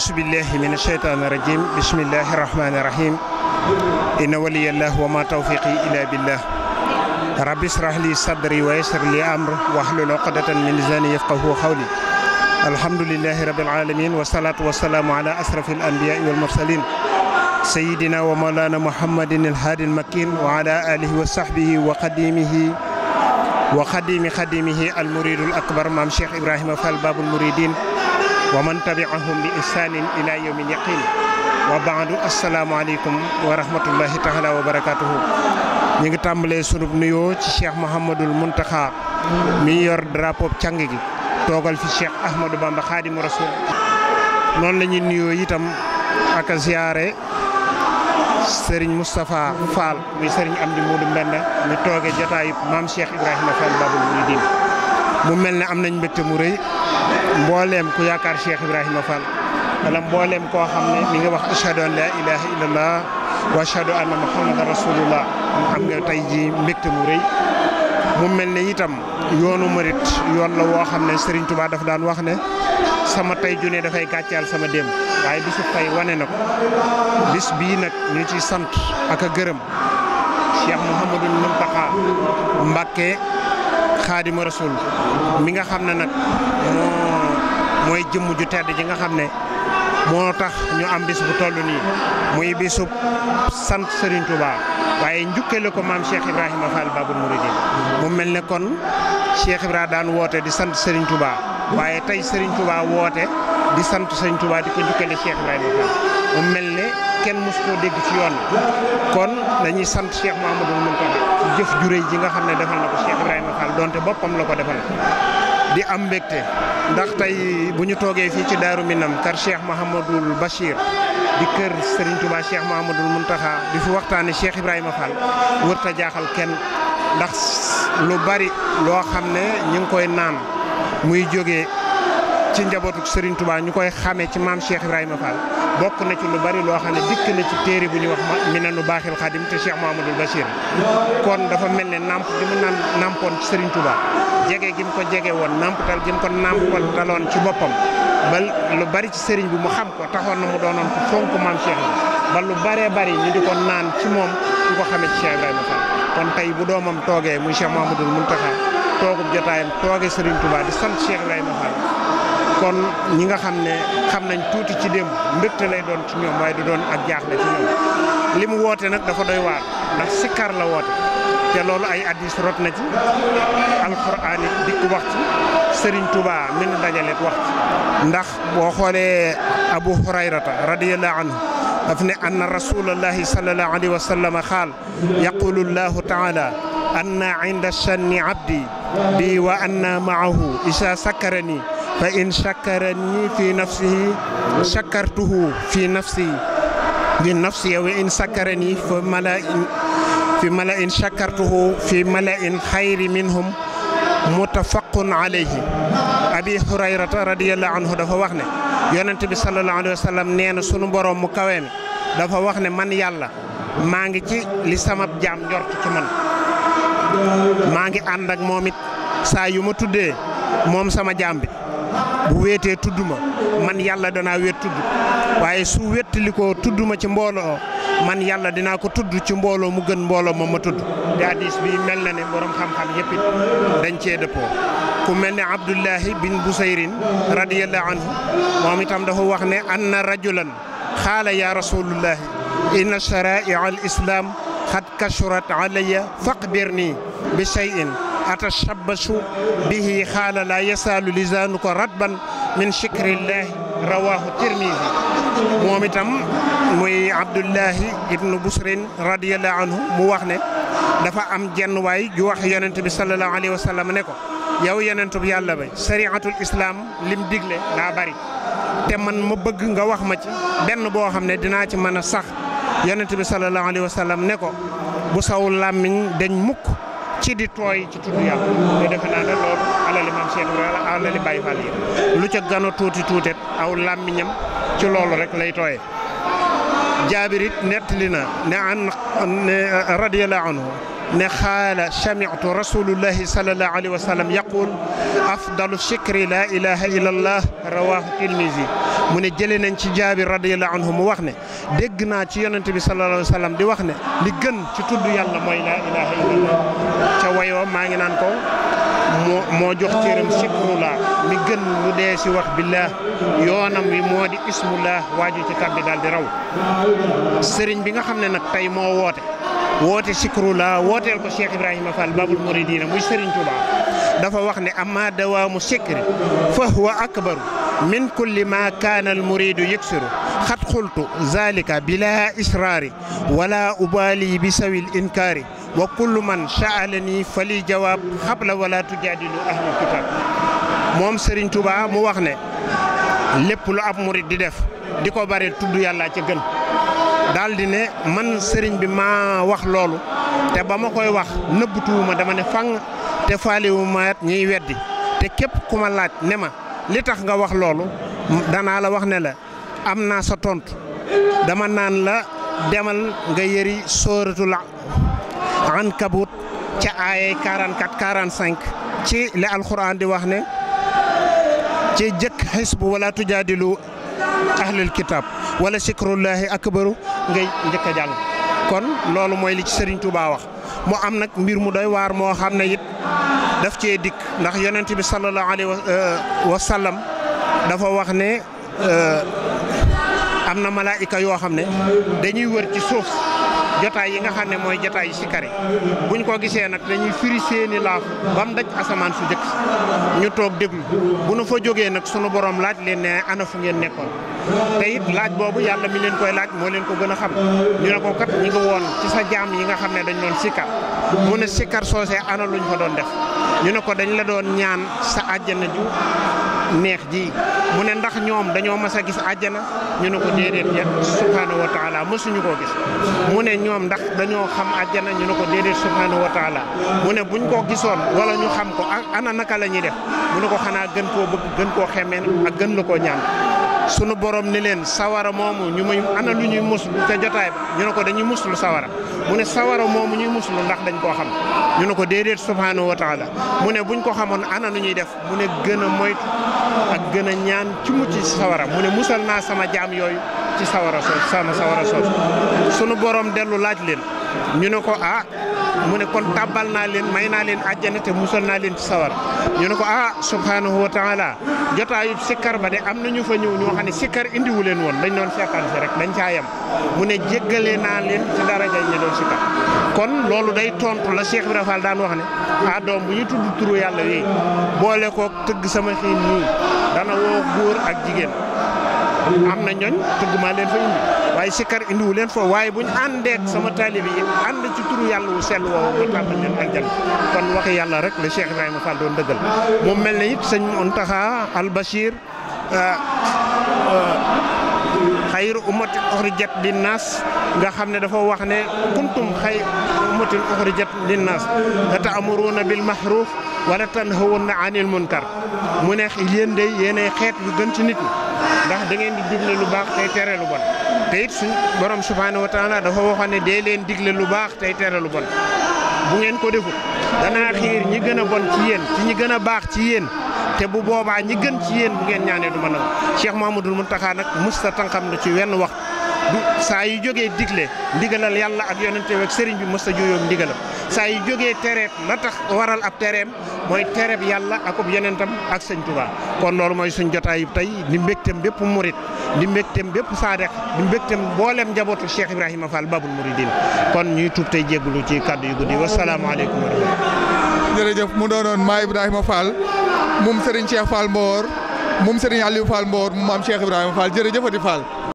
أعوذ بالله من الشيطان الرجيم بسم الله الرحمن الرحيم إن ولي الله وما توفيقي إلا بالله رب اشرح لي صدري ويسر لي أمر واحلل عقدة من لساني يفقه قولي الحمد لله رب العالمين والصلاة والسلام على أشرف الأنبياء والمرسلين سيدنا ومولانا محمد الهادي المكين وعلى آله وصحبه وقديمه وقديم خديمه المريد الأكبر مام شيخ إبراهيم فالباب المريدين wa man tabiahum bi ihsanin ila yawmil yaqin wa baadu asalaamaaleykum wa rahmatullahi taala wa barakaatuhu ñu ngi tàmbalee sunub nuyoo ci cheikh Mouhamadul Mountakha mi yor drapeau càng gi toogal fi cheikh Ahmadou Bamba xaadimu rasul noonu la ñuy nuyoo itam ak ziare Serigne Moustapha Fall muy Serigne Amdi Moodu Mbenda ñu tooge jotaayu maam cheikh Ibrahima Fall Babul Mouridine mu mel ni am nañ mbégte mu rëy. mbooleem ku yaakaar Cheikh Ibrahima Fall wala mbooleem koo xam ne mi nga wax ashhadu an laa ilaha illallah wa ashhadu anna muhammadan rasulullah am nga tey ji mbégte mu mu mel ne itam yoonu marit yoon la woo xam ne sëriñ Touba dafa daan wax ne sama tey ju ne dafay gàccaal sama démb waaye bisu tey wane na ko bis bii nag ñu ci sant ak a gërëm Cheikh Mouhamadul Mountakha Mbacké Xaadimu Rasul mi nga xam ne nag mooy jëmm ju tedd ji nga xam ne moo tax ñu am bis bu toll nii muy bisu sant Serigne Touba waaye njukkale ko maam Cheikh Ibrahima Fall Babul Mouridine mu mel ne kon Cheikh Ibra daan woote di sant Serigne Touba waaye tey Serigne Touba woote di sant Serigne tubaa di ko njukkale Cheikh Ibrahima Fall mu mel ne kenn mos koo dégg ci yoon kon dañuy sant Cheikh Mouhamadou Mountakha jëf ju réy ji nga xam ne defal na ko Cheikh Ibrahima Fall donte boppam la ko defal. di am mbégte ndax tey bu ñu toogee fii ci Daaru Minam kër Cheikh Mahamadul Bachir di kër Serigne Touba Cheikh Mahamadul Muntaxa di fi waxtaane Cheikh Ibrahima Fall wërta jaaxal kenn ndax lu bari loo xam ne ñu ngi koy naan muy jógee ci njabootu sëriñ Touba ñu koy xamee ci maam Cheikh Ibrahima Fall bokk na ci lu bari loo xam ne dikk na ci téere bu ñuy wax mi nanu baaxil xaadim te Cheikh Mouhamadoul Bachir kon dafa mel ne namp gi mu naan nampoon ci Serigne Touba jege mu ko jege woon namptal gi mu taloon ci boppam ba lu bari ci Serigne bi mu xam ko taxoon na mu doonoon ko fonk maam Cheikh ba lu baree bari ñu di ko naan ci moom ñu ko xamee ci Cheikh Ibrahima Fall kon tey bu doomam toogee muy Cheikh Mouhamadoul Mountakha toogub jotaayam tooge Serigne tubaa di sant Cheikh Ibrahima Fall kon ñi nga xam ne xam nañ tuuti ci démb mbégte lay doon ci ñoom waaye du doon ak jaaxle ci ñoom li mu woote nag dafa doy waar ndax sikkar la woote te loolu ay addis rot na ci alxuraan yi dikk wax Sëriñ Tuubaa mi nu dajaleet ndax boo xoolee Abu Hurayrata radiyallahu anhu daf ne an rasulallahi sallallahu alayhi wa sallam xaal yaqulu llahu taala na inda channi abdi bi wa na maahu isa sakarani fa in chakarani fi nafsihi chakartuhu fi nafsi fi nafsi wa in chakarani fa in fi mala in chakartuhu fi mala in xayri minhum mutafaqun alayhi abi hurayrata radiyallahu anhu dafa wax ne yonent bi sallallahu alayhi wa nee na sunu borom mu kawe mi dafa wax ne man yàlla maa ngi ci li sama jaam njort ci man maa ngi ànd ak moom it saa yu ma tuddee moom sama jaam bu wéetee tudd ma man yàlla danaa wéet tudd waaye su wéttali ko tudd ci mbooloo man yàlla dinaa ko tudd ci mbooloo mu gën mbooloo ma ma tudd te hadis bi mel na ne borom xam-xam yëpp dañ cee dëppoo ku mel ne Abdullahi bin Busayrin radiyallahu anhu moom itam dafa wax ne anna rajulan xaala ya rasulullahi inna shara'i'a al islam xad kashurat alayya faqbirni bi shay'in atashabbashu bihi xaala laa yasaalu lisaanu ko ratban min shikrillah rawaahu tirmidi moom itam muy abdullahi ibnu busrin radiallahu anhu mu wax ne dafa am jenn waay ju wax yonent bi sallallahu alayhi wa sallam ne ko yow yonent bi yàlla ba sariatul islaam lim digle daa bari te man ma bëgg nga wax ma ci benn boo xam ne dinaa ci mën a sax yonent bi sallallahu alayhi wa sallam ne ko bu saw làmmiñ dañ mukk ci di tooy ci tudd yàlla te defe naa ne loolu alali maam Cheikh Ibrahima alali Baye yi lu ca gën a tuuti tuutet aw làmmiñam ci loolu rek lay tooye jaabir it na ne an radiyallahu anhu ne xaala sami'tu rasulullahi sallallahu alayhi wa sallam yaqul afdalu shikri laa ilaha illallah rawahu tirmisi mu ne jëlee nañ ci jaabir radiyallahu anhu mu wax ne dégg naa ci yonent bi sallallahu alayhi wa sallam di wax ne li gën ci tudd yàlla mooy laa ilaha illallah ca wayoo maa ngi naan ko moo moo jox cëram sikrullah mi gën mu dee si wax billah yoonam wi moo di ismullah waaju ci tabbi daal di raw sëriñ bi nga xam ne nag tey moo woote woote sikrullah wooteel ko Cheikh Ibrahima Fall babul muridina muy Serigne Touba dafa wax ne amma dawaamu sikri fa huwa akbaru min kulli ma kaana al muridu yaksiru xat xultu zalika bila israari wala ubaali bi inkaari wa kullu man saalani fali jawaab xabla wala tujaadilu ahlul kitaab moom Serigne Touba mu wax ne lépp ab murid di def di ko bare tudd yàlla ci gën daldi ne man sëriñ bi maa wax loolu te ba ma koy wax nëbbatuwuma dama ne fan te faaliwuma ñuy ñiy weddi te képp ku ma laaj ne ma li tax nga wax loolu danaa la wax ne la am naa sa tontu dama naan la demal nga yëri la ankabut ca aayay 44 45 ci li di wax ne ci jëkk xisbu wala tujaadilu ahlul kitab wala sikrullahi akbaru ngay njëkk a kon loolu mooy li ci Serigne Touba wax mu am nag mbir mu doy waar moo xam ne it daf cee dikk ndax yeneen bi sallallahu alayhi euh, wa sallam dafa wax ne euh, am na malaayika yoo xam ne dañuy wër ci suuf. jotaay yi nga xam ne mooy jotaay yu sikar yi buñ ko gisee nag dañuy firi seeni laaf bam mu daj asamaan su jëkk ñu toog déglu bu nu fa jógee nag sunu borom laaj leen ne ana fu ngeen nekkoon te it laaj boobu yàlla mi leen koy laaj moo leen ko gën a xam ñu ne ko kat ñu ngi woon ci sa jaam yi nga xam ne dañ loon sikar mu ne sikar soosee ana luñ fa doon def ñu ne ko dañ la doon ñaan sa àjjana ju neex ji mu ne ndax ñoom dañoo mas a gis àjjana ñu ne ko déedéet ya subhaanahu wa mësuñu koo gis mu ne ñoom ndax dañoo xam àjjana ñu ne ko déedéet subhaanahu wa taala mu ne ñu koo gisoon wala ñu xam ko ana naka la ñuy def mu ne ko xanaa gën koo bëgg gën koo xemmeen ak gën la koo ñaan sunu borom ni leen sawara moomu ñu may ana lu ñuy muslu ca jotaay ba ñu ne ko dañuy muslu sawara mu ne sawara moomu ñuy muslu ndax dañu koo xam ñu ne ko déedéet subhanahu wa taala mu ne buñ ko xamoon ana nu ñuy def mu ne gën a moytu ak gën a ñaan ci mucc ci sawara mu ne musal naa sama jaam yooyu ci sawara soosu sama sawara soosu sunu borom dellu laaj leen ñu ne ko ah mu ne kon tàbbal naa leen may naa leen àjjana te musal naa leen ci sawar ñu ne ko ah subhanahu wa taala jotaayu sikkar ba de am na ñu fa ñëw ñoo xam ne indiwu leen woon dañ doon seetaan si rek dañ caa yam mu ne jéggale naa leen ci daraja ñi doon sikkar kon loolu day tontu la seex Ibrahima Fall daan wax ne ah bu ñu tudd turu yàlla yooyu boole kook tëgg sama xiin nii dana woo góor ak jigéen am na ñooñ tëgg maa leen fa indi waaye sikkar indiwu leen foofu waaye buñ àndeek sama taalibi yi ànd ci turu yàlla wu sell woowu ba tàmbal leen ak jant kon waxi yàlla rek la Cheikh Ibrahima Fall doon dëggal moom mel na it sëñ Mountakha Albachir euh, euh, xayru ummatin uxrijat linnaas nga xam ne dafa wax ne kuntum xay ummatin uxrijat linnaas ta'muruna bil ma'ruf wala tanhawna anil munkar mu ne yéen de yéenay xeet yu gën ci nit ndax da ngeen di digle lu baax tey tereelu lu bon te it suñ borom subhaanahu wa dafa waxoon ne dee leen digle lu baax tey tere bon bu ngeen ko defut danaa xiir ñi gën a bon ci yéen ci ñi gën a baax ci yéen te bu boobaa ñi gën ci yéen bu ngeen ñaanee du ma nangu Cheikh Mouhamadoul Mountakha nag musta tànqam na ci wenn wax du saa yi jógee digle ndigalal yàlla ak yonente ak sëriñ bi musta juyóom ndigalam saa yu jógee tereeb la tax waral ab tereem mooy tereeb yàlla akub yonentam ak sëñ Tuubaa kon loolu mooy suñ jotaay tey di mbégteem bépp murit di mbégteem bépp saadex di mbégteem booleem njabootu Cheikh Ibrahima Fall Babul Mouridine kon ñuy tuub tey jéggulu ci kàddu yu guddi wa rahmatulah jërëjëf mu doonoon maa Ibrahima Fall moom Serigne Cheikh Fall Mboor moom Serigne Aliou Fall Mboor mu maam Cheikh Ibrahima Fall jërëjëfati Fall.